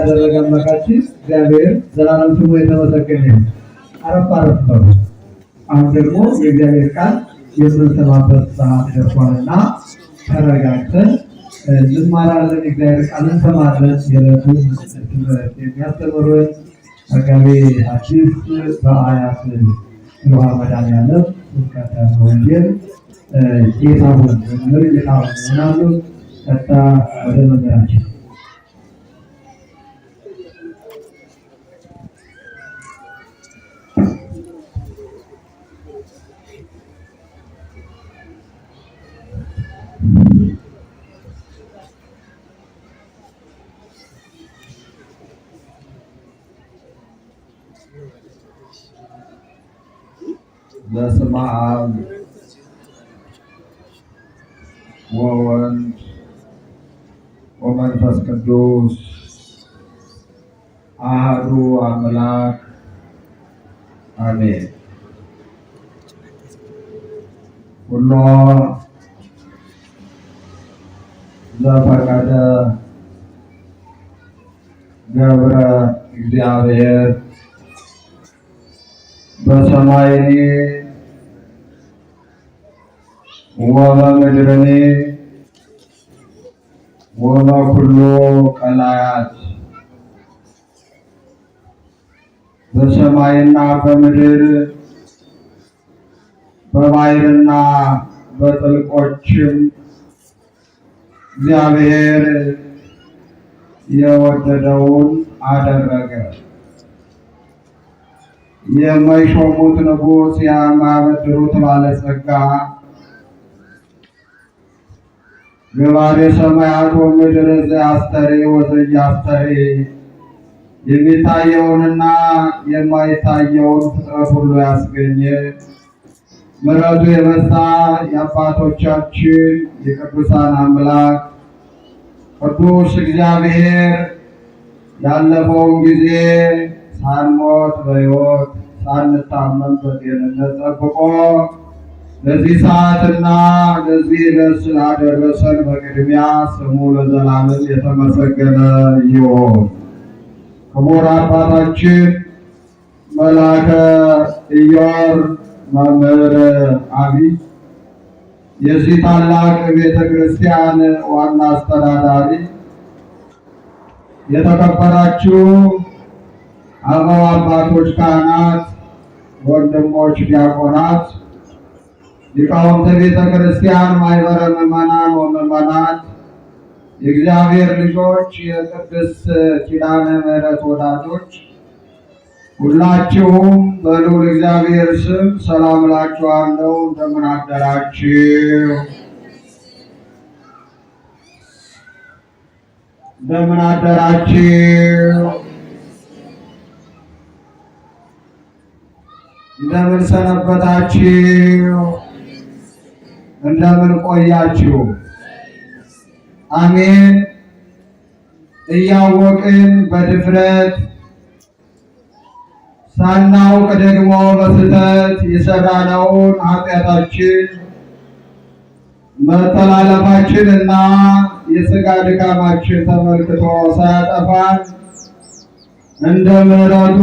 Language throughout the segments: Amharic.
ያደረገ አምላካችን እግዚአብሔር ዘላለም ስሙ የተመሰገነ አረፍ አረፍ በሉ። አሁን ደግሞ የእግዚአብሔር ቃል የምንሰማበት ሰዓት ደርሷልና ተረጋግተን ልማራለን እግዚአብሔር ቃል እንሰማለን። የዕለቱን ትምህርት የሚያስተምሩን መጋቤ አዲስ በአያት ሮሃ መድኃኒዓለም ስብከተ ወንጌል ጌታሁን መምህር ጌታሁን ምናሉ ቀጣ ወደ መምህራችን በስመ አብ Kemauan Umat Ras Kedus Aharu Amelak Amin Kuno Zabar kata Gabra Bersama ini Uwala Medirani Uwala Medirani ወበኩሎ ቀላያት በሰማይና በምድር በባሕርና በጥልቆችም እግዚአብሔር የወደደውን አደረገ። የማይሾሙት ንጉሥ፣ የማያበድሩት ባለጸጋ ገባሬ ሰማያት ወምድር ዘአስተሬ ወዘአስተሬ የሚታየውንና የማይታየውን ፍጥረት ሁሉ ያስገኘ ምሕረቱ የበዛ የአባቶቻችን የቅዱሳን አምላክ ቅዱስ እግዚአብሔር ያለፈውን ጊዜ ሳንሞት በሕይወት ሳንታመም በጤንነት ጠብቆ ለዚህ ሰዓትና ለዚህ ደስ ላደረሰን በቅድሚያ ስሙ ለዘላለም የተመሰገነ ይሁን። ክቡር አባታችን መላከ ኢዮር መምህር አብይ የዚህ ታላቅ ቤተ ክርስቲያን ዋና አስተዳዳሪ፣ የተከበራችሁ አበው አባቶች፣ ካህናት፣ ወንድሞች፣ ዲያቆናት ሊቃውንተ ቤተ ክርስቲያን፣ ማኅበረ ምዕመናን ወምዕመናት፣ የእግዚአብሔር ልጆች፣ የቅድስት ኪዳነ ምሕረት ወዳጆች ሁላችሁም በሉል እግዚአብሔር ስም ሰላም እላችኋለሁ። እንደምን አደራችሁ? እንደምን አደራችሁ? እንደምን ሰነበታችሁ? እንደምን ቆያችሁ? አሜን። እያወቅን በድፍረት ሳናውቅ ደግሞ በስህተት የሰራነውን ኃጢአታችን መተላለፋችን እና የሥጋ ድካማችን ተመልክቶ ሳያጠፋን እንደ ምሕረቱ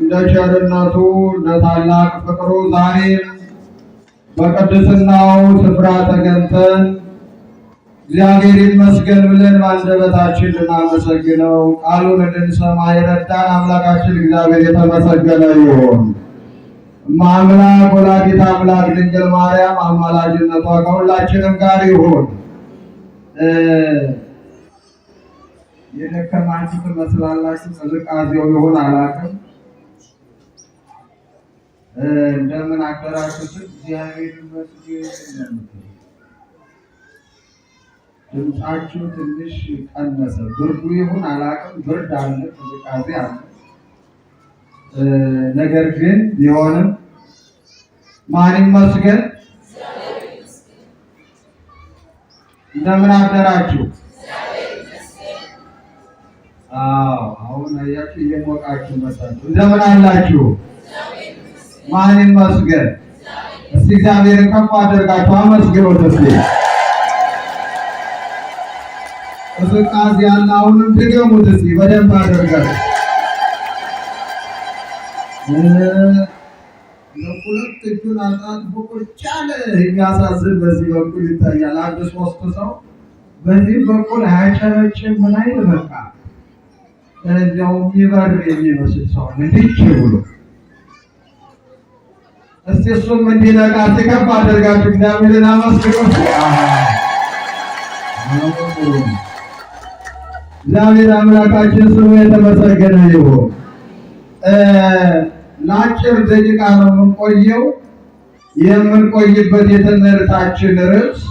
እንደ ቸርነቱ እንደ ታላቅ ፍቅሩ ዛሬ በቅድስናው ስፍራ ተገንተን እግዚአብሔር ይመስገን ብለን በአንደበታችን ልናመሰግነው ቃሉን እንድንሰማ የረዳን አምላካችን እግዚአብሔር የተመሰገነ ይሁን። ማምላክ ወላዲተ አምላክ ድንግል ማርያም አማላጅነቷ ከሁላችንም ጋር ይሁን። የደከማችሁ ትመስላላችሁ፣ ቅዝቃዜው ይሁን አላውቅም። እንደምን አደራችሁ እግዚአብሔር ይመስገን። ድምፃችሁ ትንሽ ቀነሰ። ብርዱ ይሁን አላውቅም፣ ብርድ አለ፣ ቅዝቃዜ አለ። ነገር ግን ቢሆንም ማን ይመስገን። እንደምን አደራችሁ። አዎ አሁን አያችሁ፣ እየሞቃችሁ መጣችሁ። እንደምን አላችሁ? ማን ይመስገን? እስቲ እግዚአብሔር ከፍ አድርጋችሁ አመስግኑት። እስቲ ቅዝቃዜ ያለ አሁንም ድገሙት እስቲ በደንብ አድርጋችሁ። ሁለት እጁን አጣጥፎ ቁጭ ያለ የሚያሳዝን በዚህ በኩል ይታያል። አንድ ሶስት ሰው በዚህ በኩል አያጨረጭም። ምን አይል በቃ እንዲያው የሚበር የሚመስል ሰው እንዲች ብሎ እስቲ እሱም እንዲነቃ ከፍ አድርጋችሁ እግዚአብሔርን አመስግኑ። እግዚአብሔር አምላካችን ስሙ የተመሰገነ ይሁን። ለአጭር ደቂቃ ነው የምንቆየው። የምንቆይበት የትምህርታችን ርዕስ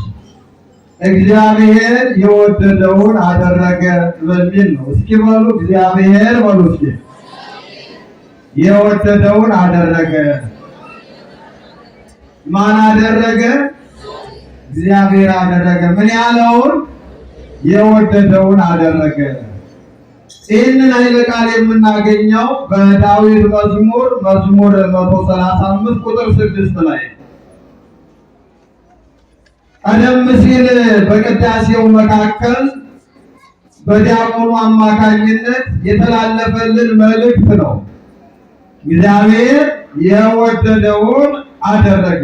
እግዚአብሔር የወደደውን አደረገ በሚል ነው። እስኪ በሉ እግዚአብሔር በሉ እስኪ የወደደውን አደረገ ማን አደረገ? እግዚአብሔር አደረገ። ምን ያለውን የወደደውን አደረገ። ይህንን ኃይለ ቃል የምናገኘው በዳዊት መዝሙር መዝሙር 135 ቁጥር 6 ላይ ቀደም ሲል በቅዳሴው መካከል በዲያቆኑ አማካኝነት የተላለፈልን መልእክት ነው። እግዚአብሔር የወደደውን አደረገ።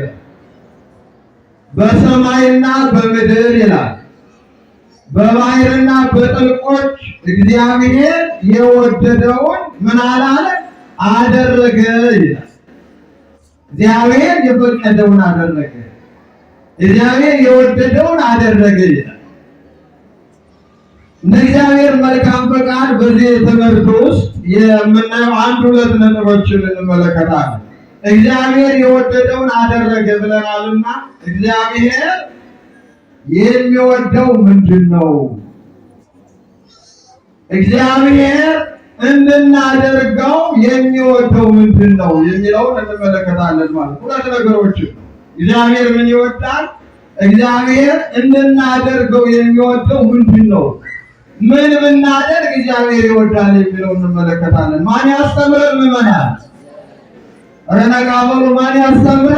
በሰማይና በምድር ይላል በባህርና በጥልቆች እግዚአብሔር የወደደውን ምን አላለ አደረገ ይላል። እግዚአብሔር የፈቀደውን አደረገ፣ እግዚአብሔር የወደደውን አደረገ ይላል። እንደ እግዚአብሔር መልካም ፈቃድ በዚህ ትምህርት ውስጥ የምናየው አንድ ሁለት ነጥቦችን እንመለከታለን። እግዚአብሔር የወደደውን አደረገ ብለናልና እግዚአብሔር የሚወደው ምንድን ነው? እግዚአብሔር እንድናደርገው የሚወደው ምንድን ነው የሚለውን እንመለከታለን። ማለት ሁለት ነገሮችን እግዚአብሔር ምን ይወዳል? እግዚአብሔር እንድናደርገው የሚወደው ምንድን ነው? ምን ብናደርግ እግዚአብሔር ይወዳል የሚለው እንመለከታለን። ማን ያስተምረን ምመናል መቃብሩ ማን ያስተምረ?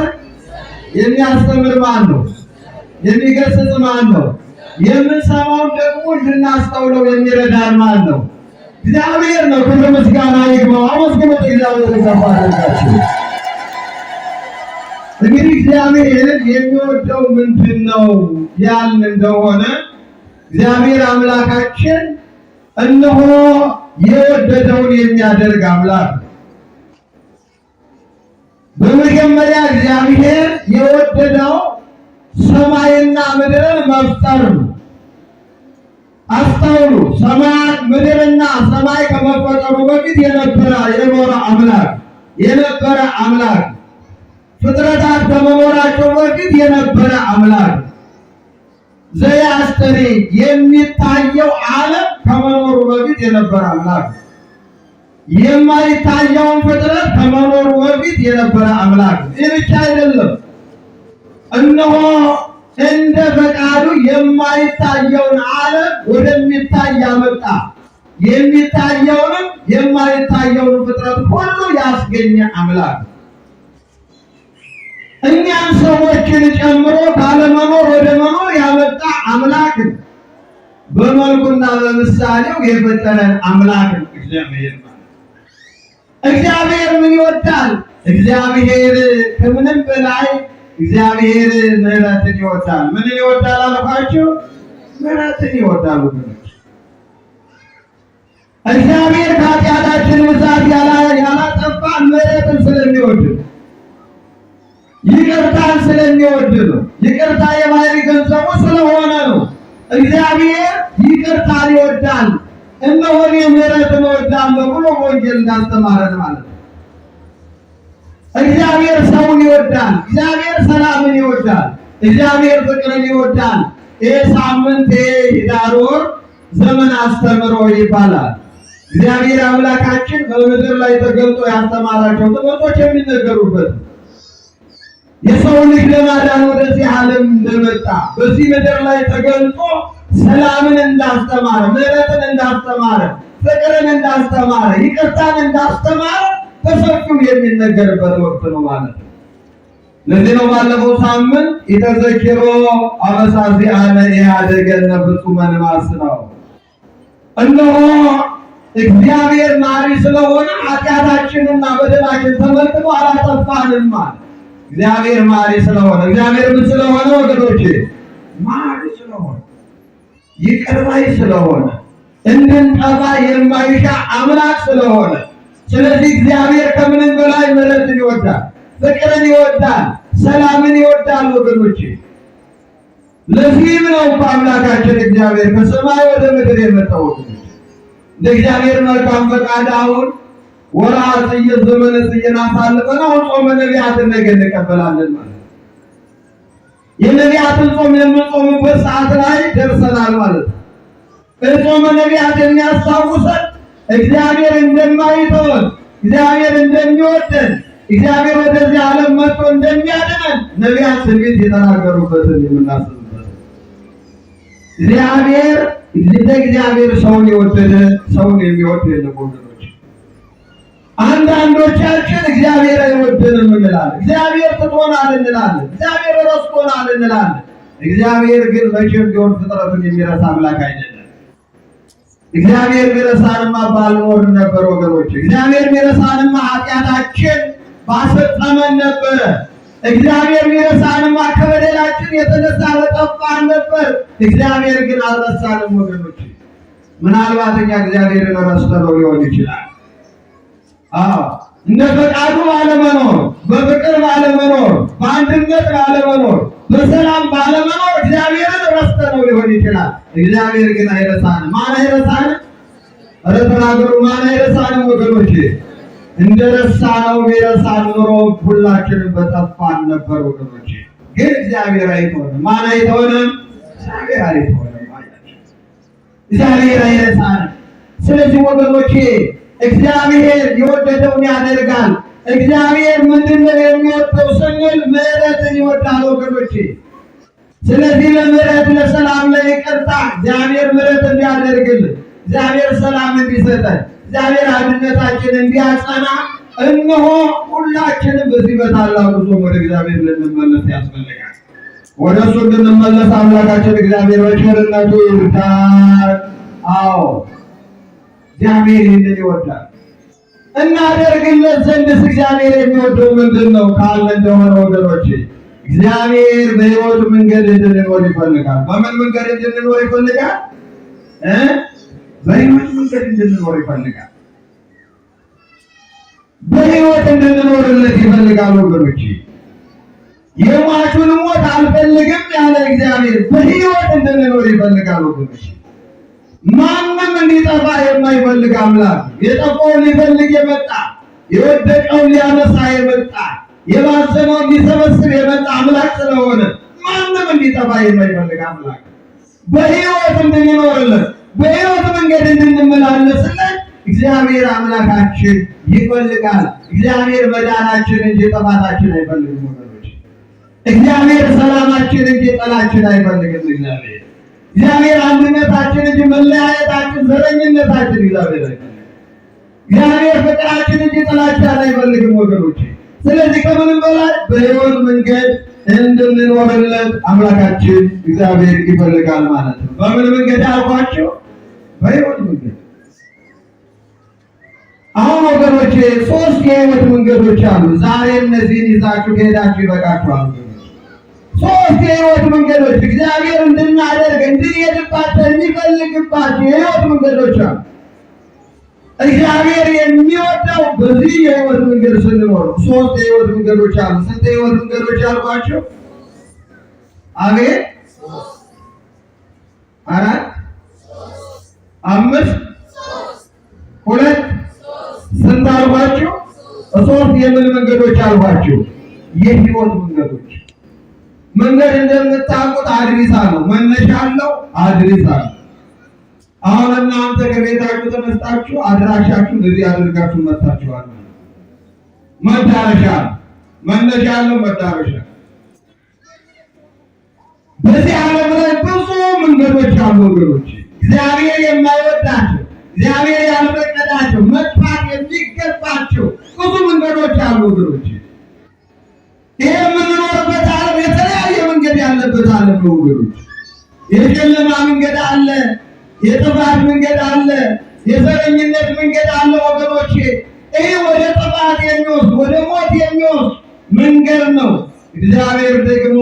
የሚያስተምር ማን ነው? የሚገስጽ ማን ነው? የምንሰማውን ደግሞ ልናስተውለው የሚረዳን ማን ነው? እግዚአብሔር ነው። ክብር ምስጋና ይግባው። አመስግኑት። እግዚአብሔር ይገባላችሁ። እንግዲህ እግዚአብሔርን የሚወደው ምንድን ነው ያልን እንደሆነ እግዚአብሔር አምላካችን እነሆ የወደደውን የሚያደርግ አምላክ በመጀመሪያ እግዚአብሔር የወደደው ሰማይና ምድርን መፍጠር ነው። አስተውሉ። ሰማይ ምድርና ሰማይ ከመፈጠሩ በፊት የነበረ የኖረ አምላክ የነበረ አምላክ ፍጥረታት ከመኖራቸው በፊት የነበረ አምላክ ዘያስተሪ የሚታየው ዓለም ከመኖሩ በፊት የነበረ አምላክ የማይታየውን ፍጥረት ከመኖሩ በፊት የነበረ አምላክ። ይህ ብቻ አይደለም፣ እነሆ እንደ ፈቃዱ የማይታየውን ዓለም ወደሚታይ ያመጣ የሚታየውንም የማይታየውን ፍጥረት ሁሉ ያስገኘ አምላክ እኛም ሰዎችን ጨምሮ ካለመኖር ወደ መኖር ያመጣ አምላክ በመልኩና በምሳሌው የፈጠረን አምላክ እግዚአብሔር ነው። እግዚአብሔር ምን ይወዳል? እግዚአብሔር ከምንም በላይ እግዚአብሔር ምሕረትን ይወዳል። ምንን ይወዳል አልኳችሁ? ምሕረትን ይወዳል። እግዚአብሔር ከኃጢአታችን ብዛት ያላጠፋን ምሕረትን ስለሚወድ ይቅርታን ስለሚወድ ነው። ይቅርታ የባህሪ ገንዘቡ ስለሆነ ነው። እግዚአብሔር ይቅርታን ይወዳል። እነሆን የምህረት እወዳለሁ ብሎ ወንጌል እንዳስተማረን ማለት ነው። እግዚአብሔር ሰውን ይወዳል። እግዚአብሔር ሰላምን ይወዳል። እግዚአብሔር ፍቅርን ይወዳል። ይህ ሳምንት ኅዳር ወር ዘመን አስተምሮ ይባላል። እግዚአብሔር አምላካችን በምድር ላይ ተገልጦ ያስተማራቸው ትምህርቶች የሚነገሩበት የሰው ልጅ ለማዳን ወደዚህ ዓለም እንደመጣ በዚህ ምድር ላይ ተገልጦ ሰላምን እንዳስተማረ፣ ምሕረትን እንዳስተማረ፣ ፍቅርን እንዳስተማረ፣ ይቅርታን እንዳስተማረ በሰፊው የሚነገርበት ወቅት ነው ማለት ነው። ለዚህ ነው ባለፈው ሳምንት ኢተዘኪሮ አበሳዚ አነ ኢህአደገነ ፍጹመን ማስነው እነሆ እግዚአብሔር ማሪ ስለሆነ ኃጢአታችንና በደላችን ተመልክቶ አላጠፋንም ማለት እግዚአብሔር ማሪ ስለሆነ እግዚአብሔር ምን ስለሆነ ወገኖቼ ማሪ ስለሆነ ይቅር ባይ ስለሆነ እንድንጠፋ የማይሻ አምላክ ስለሆነ፣ ስለዚህ እግዚአብሔር ከምንም በላይ ምሕረትን ይወዳል፣ ፍቅርን ይወዳል፣ ሰላምን ይወዳል። ወገኖች ለዚህም ነው አምላካችን እግዚአብሔር ከሰማይ ወደ ምድር የመጣው። እንደ እግዚአብሔር መልካም ፈቃድ አሁን ወርሃ ጽየት ዘመነ ጽየት አሳልፈን አሁን ጾመ ነቢያትን ነገ እንቀበላለን ማለት የነቢያትን ጾም የምንጾምበት ሰዓት ላይ ደርሰናል ማለት ነው። እጾመ ነቢያት የሚያስታውሰን እግዚአብሔር እንደማይተወን፣ እግዚአብሔር እንደሚወደን፣ እግዚአብሔር ወደዚህ ዓለም መጥቶ እንደሚያድነን ነቢያት ትንቢት የተናገሩበትን የምናስብበት እግዚአብሔር እንደ እግዚአብሔር ሰውን የወደደ ሰውን የሚወድ የለም። አንዳንዶቻችን እግዚአብሔር አይወድንም እንላለን። እግዚአብሔር ትቶናል እንላለን። እግዚአብሔር ረስቶናል እንላለን። እግዚአብሔር ግን መቼም ቢሆን ፍጥረቱን የሚረሳ አምላክ አይደለም። እግዚአብሔር ቢረሳንማ ባልኖር ነበር ወገኖች። እግዚአብሔር ቢረሳንማ ኃጢአታችን ባሰጠመን ነበረ። እግዚአብሔር ቢረሳንማ ከበደላችን የተነሳ ለጠፋን ነበር። እግዚአብሔር ግን አልረሳንም ወገኖች። ምናልባት እኛ እግዚአብሔርን ረስተነው ሊሆን ይችላል አዎ እንደ ፈቃዱ ባለመኖር፣ በፍቅር ባለመኖር፣ በአንድነት ባለመኖር፣ በሰላም ባለመኖር እግዚአብሔርን ረስተነው ሊሆን ይችላል። እግዚአብሔር ግን አይረሳንም። ማን አይረሳንም? ኧረ ተናገሩ። ማን አይረሳንም ወገኖች? እንደ ረሳነው ቢረሳን ኖሮ ሁላችንም በጠፋን ነበር ወገኖች። ግን እግዚአብሔር አይተወንም። ማን አይተወንም? እግዚአብሔር አይተወንም። እግዚአብሔር አይረሳንም። ስለዚህ ወገኖቼ እግዚአብሔር የወደደውን ያደርጋል። እግዚአብሔር ምንድነው የሚወደው ስንል ምሕረትን ይወዳል ወገኖች። ስለዚህ ለምሕረት ለሰላም፣ ለይቅርታ እግዚአብሔር ምሕረት እንዲያደርግል እግዚአብሔር ሰላም እንዲሰጠን እግዚአብሔር አንድነታችን እንዲያጸና እነሆ ሁላችንም በዚህ በታላቁ ጾም ወደ እግዚአብሔር ልንመለስ ያስፈልጋል። ወደ እሱ እንድንመለስ አምላካችን እግዚአብሔር በቸርነቱ ይርዳን። አዎ እግዚአብሔር ይህንን ይወዳል። እናደርግለት ዘንድስ እግዚአብሔር የሚወደው ምንድን ነው ካለ እንደሆነ ወገኖች እግዚአብሔር በሕይወት መንገድ እንድንኖር ይፈልጋል። በምን መንገድ እንድንኖር ይፈልጋል? በሕይወት መንገድ እንድንኖር ይፈልጋል። በሕይወት እንድንኖርለት ይፈልጋል። ወገኖች የሟቹን ሞት አልፈልግም ያለ እግዚአብሔር በሕይወት እንድንኖር ይፈልጋል። ወገኖች ማንም እንዲጠፋ የማይፈልግ አምላክ የጠፋውን ሊፈልግ የመጣ የወደቀውን ሊያነሳ የመጣ የባዘነውን ሊሰበስብ የመጣ አምላክ ስለሆነ ማንም እንዲጠፋ የማይፈልግ አምላክ በህይወት እንድንኖርለት በህይወት መንገድ እንድንመላለስለት እግዚአብሔር አምላካችን ይፈልጋል። እግዚአብሔር መዳናችን እንጂ ጠፋታችን አይፈልግም። እግዚአብሔር ሰላማችን እንጂ ጠላችን አይፈልግም። እግዚአብሔር እግዚአብሔር አንድነታችን እንጂ መለያየታችን፣ ዘረኝነታችን እግዚአብሔር እግዚአብሔር ፍቅራችን እንጂ ጥላቻን አይፈልግም ወገኖች። ስለዚህ ከምንም በላይ በሕይወት መንገድ እንድንኖርለት አምላካችን እግዚአብሔር ይፈልጋል ማለት ነው። በምን መንገድ አልኳቸው? በሕይወት መንገድ። አሁን ወገኖቼ ሶስት የሕይወት መንገዶች አሉ። ዛሬ እነዚህን ይዛችሁ ከሄዳችሁ ይበቃችኋል። ሶስት የህይወት መንገዶች እግዚአብሔር እንድናደርግ እንድንሄድባቸው የሚፈልግባቸው የህይወት መንገዶች አሉ። እግዚአብሔር የሚወደው በዚህ የህይወት መንገድ ስንኖር፣ ሶስት የህይወት መንገዶች አሉ። ስንት የህይወት መንገዶች አልኳቸው? አቤት አራት፣ አምስት፣ ሁለት ስንት አልኳቸው? ሶስት የምን መንገዶች አልኳቸው? የህይወት መንገዶች መንገድ እንደምታውቁት አድሪስ አለው፣ መነሻ አለው፣ አድሪስ አለው። አሁን እናንተ ከቤታችሁ ተነስታችሁ አድራሻችሁ እዚህ አድርጋችሁ መታችኋል። መዳረሻ መነሻ አለው፣ መዳረሻ በዚህ ዓለም ላይ ብዙ መንገዶች አሉ ወገኖች፣ እግዚአብሔር የማይወዳቸው እግዚአብሔር ያልፈቀዳቸው መጥፋት የሚገባቸው ብዙ መንገዶች አሉ ወገኖች የጨለማ መንገድ አለ፣ የጥፋት መንገድ አለ፣ የዘረኝነት መንገድ አለ። ወገኖቼ ይህ ወደ ጥፋት የሚወስድ ወደ ሞት የሚወስድ መንገድ ነው። እግዚአብሔር ደግሞ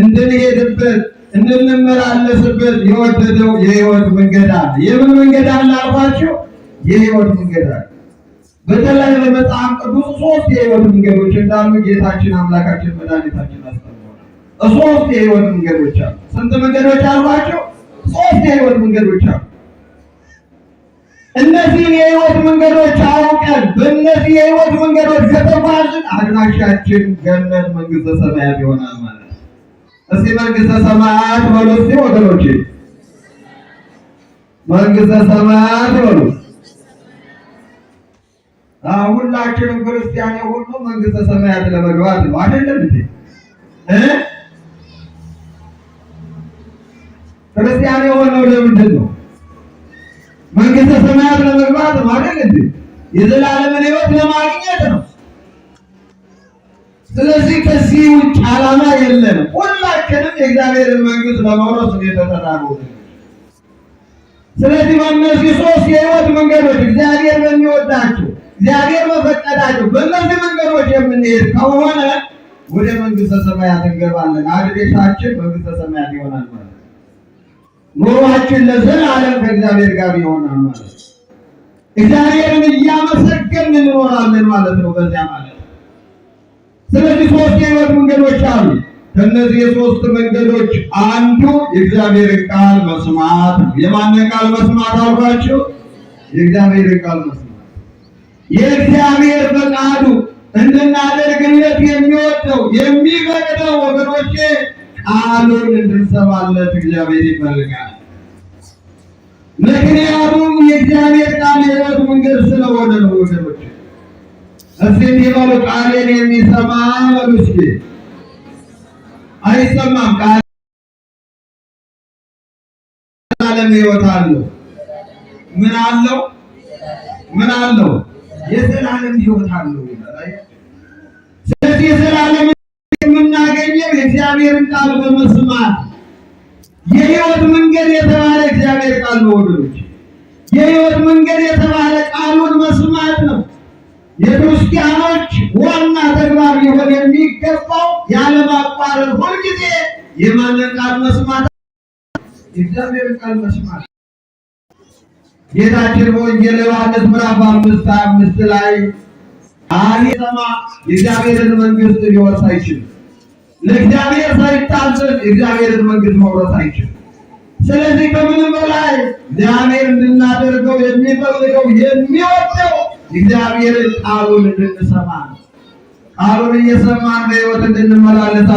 እንድንሄድበት እንድንመላለስበት የወደደው የህይወት መንገድ አለ። የምን መንገድ አለ አልኳቸው? የህይወት መንገድ አለ። በተለይ በመጽሐፍ ቅዱስ ሶስት የህይወት መንገዶች እንዳሉ ጌታችን አምላካችን መድኃኒታችን ሶስት የህይወት መንገዶች አሉ። ስንት መንገዶች አሏቸው? ሶስት የህይወት መንገዶች አሉ። እነዚህን የህይወት መንገዶች አውቀን በእነዚህ የህይወት መንገዶች ከተጓዝን አድራሻችን ገነት መንግስተ ሰማያት ይሆናል ማለት ነው። እስቲ መንግስተ ሰማያት በሉ እስቲ ወገኖቼ፣ መንግስተ ሰማያት በሉ። ሁላችንም ክርስቲያን ሁሉ መንግስተ ሰማያት ለመግባት ነው አይደለም እንዴ? ክርስቲያን የሆነው ለምንድን ነው? መንግስተ ሰማያት ለመግባት ማድረግ እንዴ የዘላለምን ህይወት ለማግኘት ነው። ስለዚህ ከዚህ ውጭ አላማ የለም። ሁላችንም የእግዚአብሔርን መንግስት ለመውረስ የተጠራሩ። ስለዚህ በእነዚህ ሶስት የህይወት መንገዶች እግዚአብሔር በሚወዳቸው እግዚአብሔር በፈቀዳቸው በእነዚህ መንገዶች የምንሄድ ከሆነ ወደ መንግስተ ሰማያት እንገባለን። አድቤታችን መንግስተ ሰማያት ይሆናል ማለት ኑሯችን ለዘላለም ከእግዚአብሔር ጋር ይሆናል ማለት ነው። እግዚአብሔርን እያመሰገን እንኖራለን ማለት ነው። በዚያ ማለት ስለዚህ ሶስት የህይወት መንገዶች አሉ። ከእነዚህ የሶስት መንገዶች አንዱ የእግዚአብሔር ቃል መስማት። የማን ቃል መስማት አልኳቸው? የእግዚአብሔር ቃል መስማት፣ የእግዚአብሔር ፈቃዱ እንድናደርግለት የሚወደው የሚፈቅደው ወገኖቼ ቃሉን እንድንሰማለት እግዚአብሔር ይፈልጋል። ምክንያቱም የእግዚአብሔር ቃል የሕይወት መንገድ ስለሆነ ነው። ወገኖች እስቲ በሉ ቃሌን የሚሰማ በሉ እስኪ። አይሰማም ቃል ዓለም ሕይወት አለው። ምን አለው? ምን አለው? የዘላለም ሕይወት አለው ይላል። የእግዚአብሔርን ቃል በመስማት የህይወት መንገድ የተባለ እግዚአብሔር ቃል ነው ወገኖች። የህይወት መንገድ የተባለ ቃሉን መስማት ነው። የክርስቲያኖች ዋና ተግባር ሊሆን የሚገባው ያለማቋረጥ ሁልጊዜ የማንን ቃል መስማት? የእግዚአብሔር ቃል መስማት። ጌታችን በወንጌል ዮሐንስ ምዕራፍ አምስት አምስት ላይ አይ ሰማ የእግዚአብሔርን መንግስት ሊወርስ አይችልም ለእግዚአብሔር ሳይታዘዝ እግዚአብሔርን መንግስት መውረስ አይችልም። ስለዚህ ከምንም በላይ እግዚአብሔር እንድናደርገው የሚፈልገው የሚወደው እግዚአብሔር ቃሉን እንድንሰማ ቃሉን እየሰማን በሕይወት እንድንመላለሳ